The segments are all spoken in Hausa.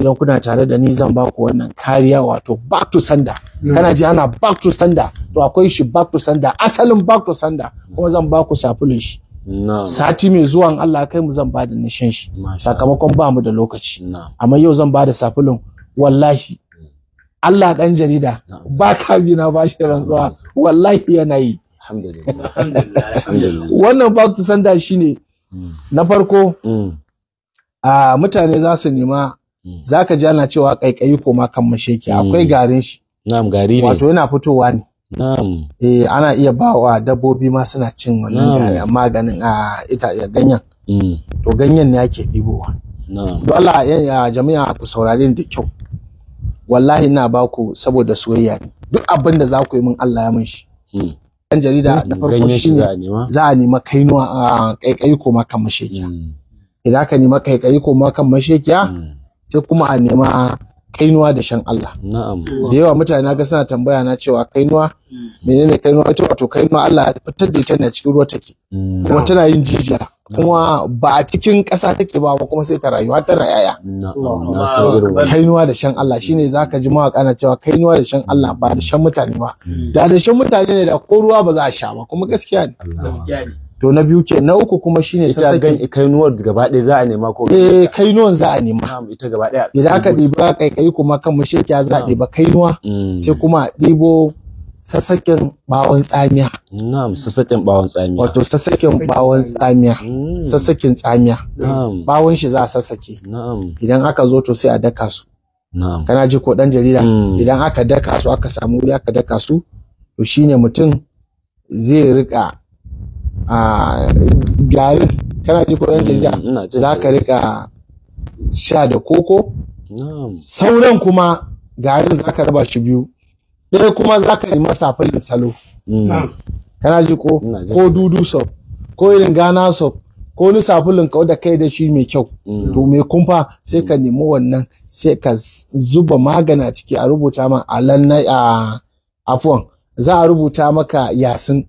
idan kuna tare da ni zan ba ku wannan kariya wato back to sender kana ji ana back to sender to akwai shi back to sender asalin back to sender kuma zan ba ku safulin shi sati mai zuwan Allah kai mu zan ba da nishin shi sakamakon ba mu da lokaci amma yau zan ba da safulin wallahi Allah dan jarida ba ka bi na shi rantsuwa wallahi yana yi wannan back to sender shine hmm. na farko hmm. a mutane za su nema Mm. zaka ji ana cewa kaikayi ko ma kan masheki mm. akwai garin shi na'am gari ne wato yana fitowa ne na'am eh ana iya bawa dabbobi ma suna cin wannan gari amma ganin a ita ganyen mm. to ganyen ne ake dibowa na'am Allah ya jami'a ku saurare da kyau wallahi ina baku saboda soyayya ne duk abin da za ku yi min Allah ya mun shi dan jarida na farko shi za a nema kainuwa a kaikayi ko ma kan mashekiya idan ka nema kaikayi ko ma kan mashekiya sai kuma a nema kainuwa da shan Allah da yawa mutane ga suna tambaya na cewa kainuwa menene kainuwa ita wato kainuwa Allah ya fitar da ita ne cikin ruwa take mm. kuma tana yin jijiya kuma ba a cikin ƙasa take ba kuma sai ta rayuwa tana yaya kainuwa da shan Allah shine zaka ji mawaƙa na cewa kainuwa da shan Allah ba da shan mutane ba mm. da da shan mutane ne da ko ruwa ba za a sha ba kuma gaskiya ne to na biyu ke na uku kuma shine ita gan kainuwar gaba ɗaya za a nema ko eh kainuwar za a nema ita gaba ɗaya idan aka ɗiba kaikai kuma kan ya za a ɗiba kainuwa mm. sai kuma a ɗibo sassaken bawon tsamiya na'am sassaken bawon tsamiya wato sassaken bawon tsamiya mm. sassaken tsamiya na'am bawon shi za a sassake na'am idan aka zo to sai a daka su na'am kana ji ko dan jarida mm. idan aka daka su aka samu wuri aka daka su to shine mutum zai rika a garin kana ji kuɗin mm, jarida za ka rika sha da koko sauran kuma garin za ka raba shi biyu ɗaya kuma za ka yi masa da salo mm. kana ji ko ko dudu sau ko irin gana so? ko wani sabulun kau da kai da shi mai kyau mm. to mai kumfa sai ka nemi wannan sai ka zuba magana ciki a rubuta ma a lannai a afuwan za a rubuta maka yasin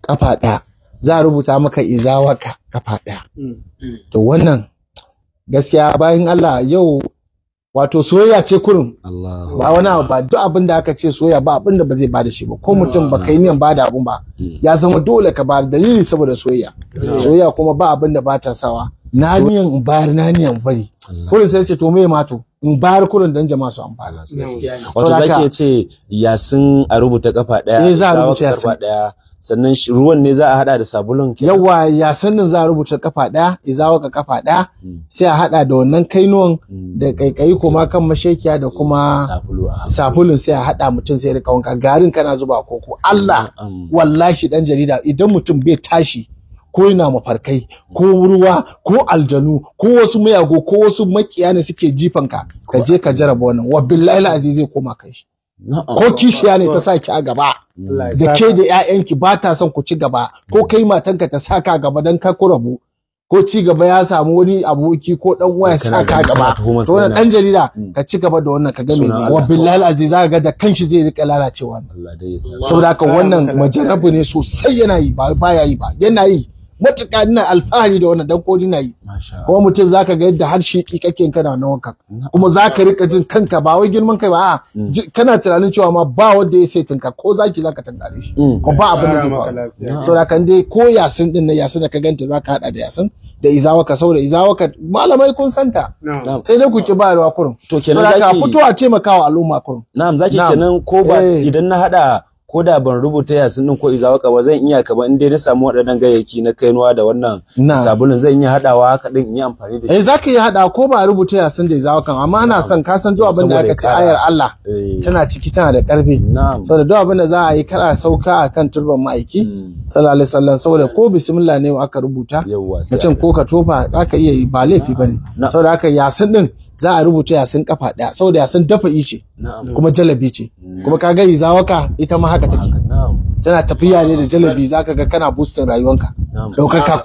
kafa ɗaya za a rubuta maka ka kafa ɗaya mm. to wannan gaskiya bayan Allah yau wato soyayya ce kurum ba wani abu ba duk abin da aka ce soyayya ba abin da ba zai bada shi ba ko mutum ba kai niyan bada abun ba mm. ya zama dole ka bada dalili saboda soyayya soyayya kuma ba abin da bata sawa na niyan in bayar na niyan bari kurin sai ce to me mato in bayar kurin dan jama'a su amfana wato zaki ce yasin a rubuta kafa daya eh za a rubuta yasin sannan ruwan ne za a hada da sabulun kenan yawa ya sannan za a rubuta kafa daya izawaka kafa daya hmm. sai a hada da wannan kainuwan hmm. da kaikayi kuma kan mashekiya da kuma sabulun sai a hada mutum sai rika wanka garin kana zuba koko Allah um, wallashi dan jarida idan mutum bai tashi ko yana mafarkai ko ruwa ko aljanu ko wasu mayago ko wasu makiya ne suke jifanka ka je ka jaraba wannan wa billahi aziz zai koma kai shi ko kishiya ne ta sa ki a gaba da ke da ya'yanki ba ta son ku ci gaba ko hmm. kai matanka ta sa ka gaba dan ka ku rabu ko ci gaba ya samu wani aboki ko dan uwa ya sa ka gaba to wannan dan jarida hmm. ka ci gaba da wannan ka ga me zai wa billahi aziz zaka ga da kanshi zai rika lalacewa saboda haka wannan majarabu ne sosai yana yi ba baya yi ba yana yi matuƙa ina alfahari da wannan dan koli na yi kuma mutum zaka ga yadda har shi kake kana nawa wanka kuma zaka rika jin kanka ba wai girman kai ba mm. kana tunanin cewa ma ba wanda ya sai tunka ko zaki zaka tunkare shi mm. ko ba abin da zai faru da kan dai ko yasin din na yasin da ka ganta zaka hada da yasin da da saboda ka, malamai kun santa sai dai ku ki ba ruwa kurum to kenan zaki fito a taimakawa al'umma kurum na'am zaki kenan ko ba eh. idan na hada ko da ban rubuta yasin din ko izawaka ba zan iya ba in dai na samu waɗannan gayyaki na kainuwa da wannan sabulun zan iya hadawa haka din in yi amfani da shi eh zaka iya hada ko ba rubuta yasin da izawakan amma ana son ka san duk abin da aka ci ayar Allah eh. tana ciki tana da karfi saboda duk abin da za a yi kara sauka akan turban ma'aiki hmm. sallallahu alaihi wasallam saboda ko bismillah ne aka rubuta mutum ko ka tofa zaka iya yi ba laifi bane saboda haka yasin din za a rubuta yasin kafa daya saboda yasin dafa ce kuma jalabi ce hmm. kuma kaga izawaka ita ma haka take tana tafiya ne da jalabi zaka ga kana boostin rayuwanka daukar ka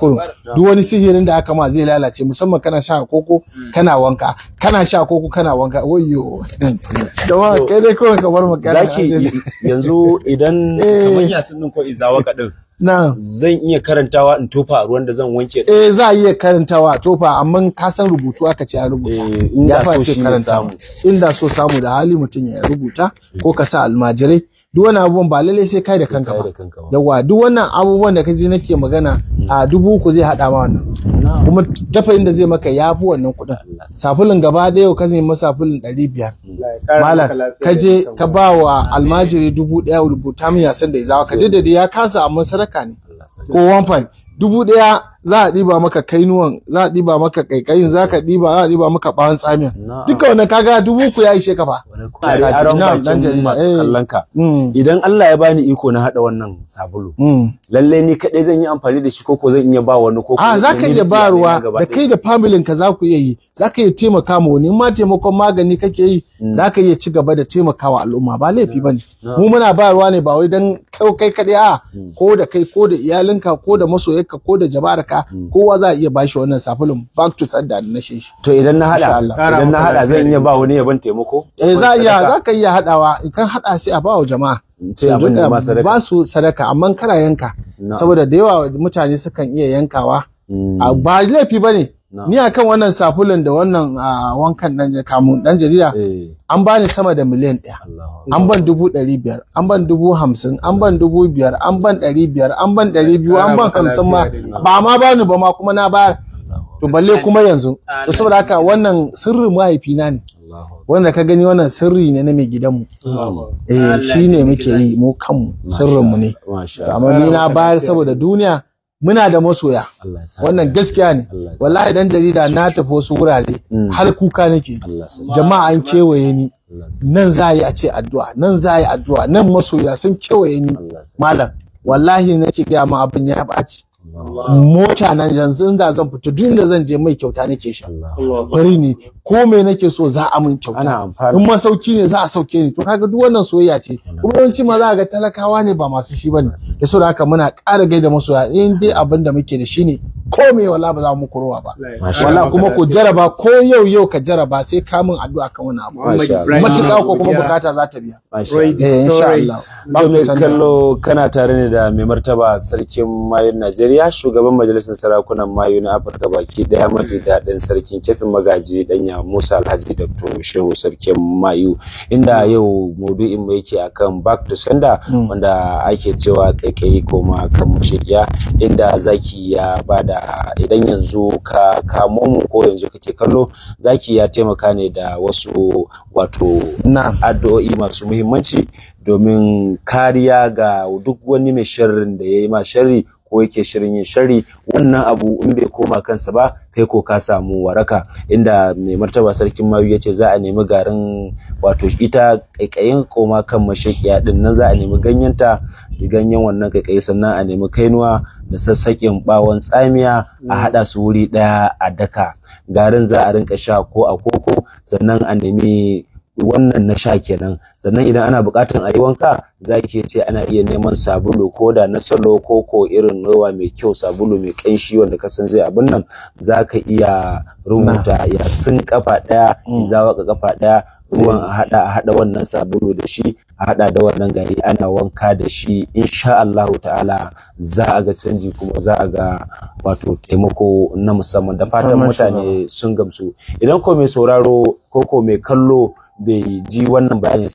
duk wani sihirin da aka ma zai lalace musamman kana sha koko hmm. kana wanka kana sha koko kana wanka wayyo dama kai dai kawai ka bar magana zaki yanzu idan eh. kamar yasin din ko izawa kadin na zan iya karantawa in tofa ruwan da zan wanke eh za a iya karantawa tofa amma ka san rubutu aka ce a rubuta eh, ya shi ce samu inda so samu da hali mutum ya rubuta ko ka sa almajirai duk wani abubuwan ba lallai sai kai da kanka ba yawa duk wannan abubuwan da kaje nake magana a dubu uku zai hada ma wannan kuma tafayin da zai maka ya fi wannan kuɗin safulin gaba ɗaya ka masa safulin ɗari biyar malam ka je ka ba wa almajiri dubu ɗaya rubuta min yasan da ya zawa ka daidai ya kasa amma sadaka ne ko one five dubu ɗaya za a ɗiba maka kainuwan za a ɗiba maka kaikayin za ka ɗiba za a ɗiba maka ɓawon tsamiya. duka wani kaga dubu ku ya ishe ka fa eh. mm. idan Allah ya bani iko na hada wannan sabulu mm. lalle ni kadai zan yi amfani da shi ko ko zan iya ba wani ko a ah, za ka iya bayarwa da kai da familin ka za ku iya yi za ka iya taimaka ma wani ma taimakon magani kake yi mm. za ka iya ci gaba da taimakawa al'umma ba laifi bane mu muna bayarwa ne ba wai dan kai kadai a ko da kai ko da iyalinka ko da masoyarka ko da jama'arka faɗa hmm. kowa za a iya bashi wannan sabulun back to sanda na shi to idan na hada idan na hada zan iya ba wani ban taimako eh za iya za ka iya hadawa in kan hada sai a ba wa jama'a hmm, ba su sadaka amma kana yanka saboda da yawa mutane sukan iya yankawa hmm. ah, ba laifi bane ni a kan wannan sabulun da wannan wankan dan kamun dan jarida eh. an bani sama da miliyan ɗaya an ban dubu ɗari biyar an ban dubu hamsin an ban dubu biyar an ban ɗari biyar an ban ɗari biyu an ban hamsin ma ba ma bani ba ma kuma na bayar to balle kuma yanzu to saboda haka wannan sirrin mahaifina ne wanda ka gani wannan sirri ne na mai gidanmu eh shine muke yi mu kanmu sirrinmu ne amma ni na bayar saboda duniya muna da masoya wannan gaskiya ne wallahi dan jarida na tafi wasu wurare mm. har kuka nake jama'a an kewaye ni nan za yi a ce addu'a nan za yi addu'a nan masoya sun kewaye ni malam wallahi nake gaya ma abin ya ɓaci mota nan yanzu inda zan fito duk inda zan je mai kyauta nake sha bari ne ko me nake so za a min kyauta in masauki ne za a sauke ni to kaga duk wannan soyayya ce kuma yawanci ma za a ga talakawa ne ba masu shi bane da saboda haka muna ƙara gaida masoya in dai abin da muke da shi ne ko me wala ba za mu kurowa ba wala kuma ku jaraba ko yau yau ka jaraba sai ka min addu'a kan wani abu matuƙa ko kuma bukata za ta biya eh insha Allah to me kallo kana tare ne da mai martaba sarkin mayun Najeriya shugaban majalisar sarakunan mayu na Afirka baki daya maji dadin sarkin kefin magaji danya Musa Alhaji Dr. Shehu sarkin mayu inda yau maudu'in mu yake akan back to sender mm. wanda ake cewa kai kai koma kan mushiya inda zaki ya bada da idan yanzu ka kamo mu ko yanzu kake kallo zaki ya taimaka ne da wasu wato addu'o'i masu muhimmanci domin kariya ga duk wani mai sharrin da ya yi ma sharri ko yake shirin yin sharri wannan abu in bai koma kansa ba kai ko ka samu waraka inda mai martaba sarkin mayu ya ce za a nemi garin wato ita kaikayin koma kan mashaƙiya din nan za a nemi ganyenta ganyen wannan kaikai sannan a nemi kainuwa da sassaƙin bawon tsamiya a mm. haɗa su wuri ɗaya a daka garin za a rinka sha ko a koko sannan a nemi wannan na sha kenan sannan idan ana buƙatar a yi wanka za ki ce ana iya neman sabulu ko da na salo ko ko irin nowa mai kyau sabulu mai ƙanshi wanda ka san zai abin nan za ka iya rubuta ya sun kafa ɗaya izawa mm. ka kafa ɗaya ruwan a hada a hada wannan sabulu da shi a hada da wannan gari ana wanka da shi insha Allah ta'ala za a ga canji kuma za a ga wato taimako na musamman da fatan mutane sun gamsu idan ko mai sauraro ko ko mai kallo bai ji wannan bayanin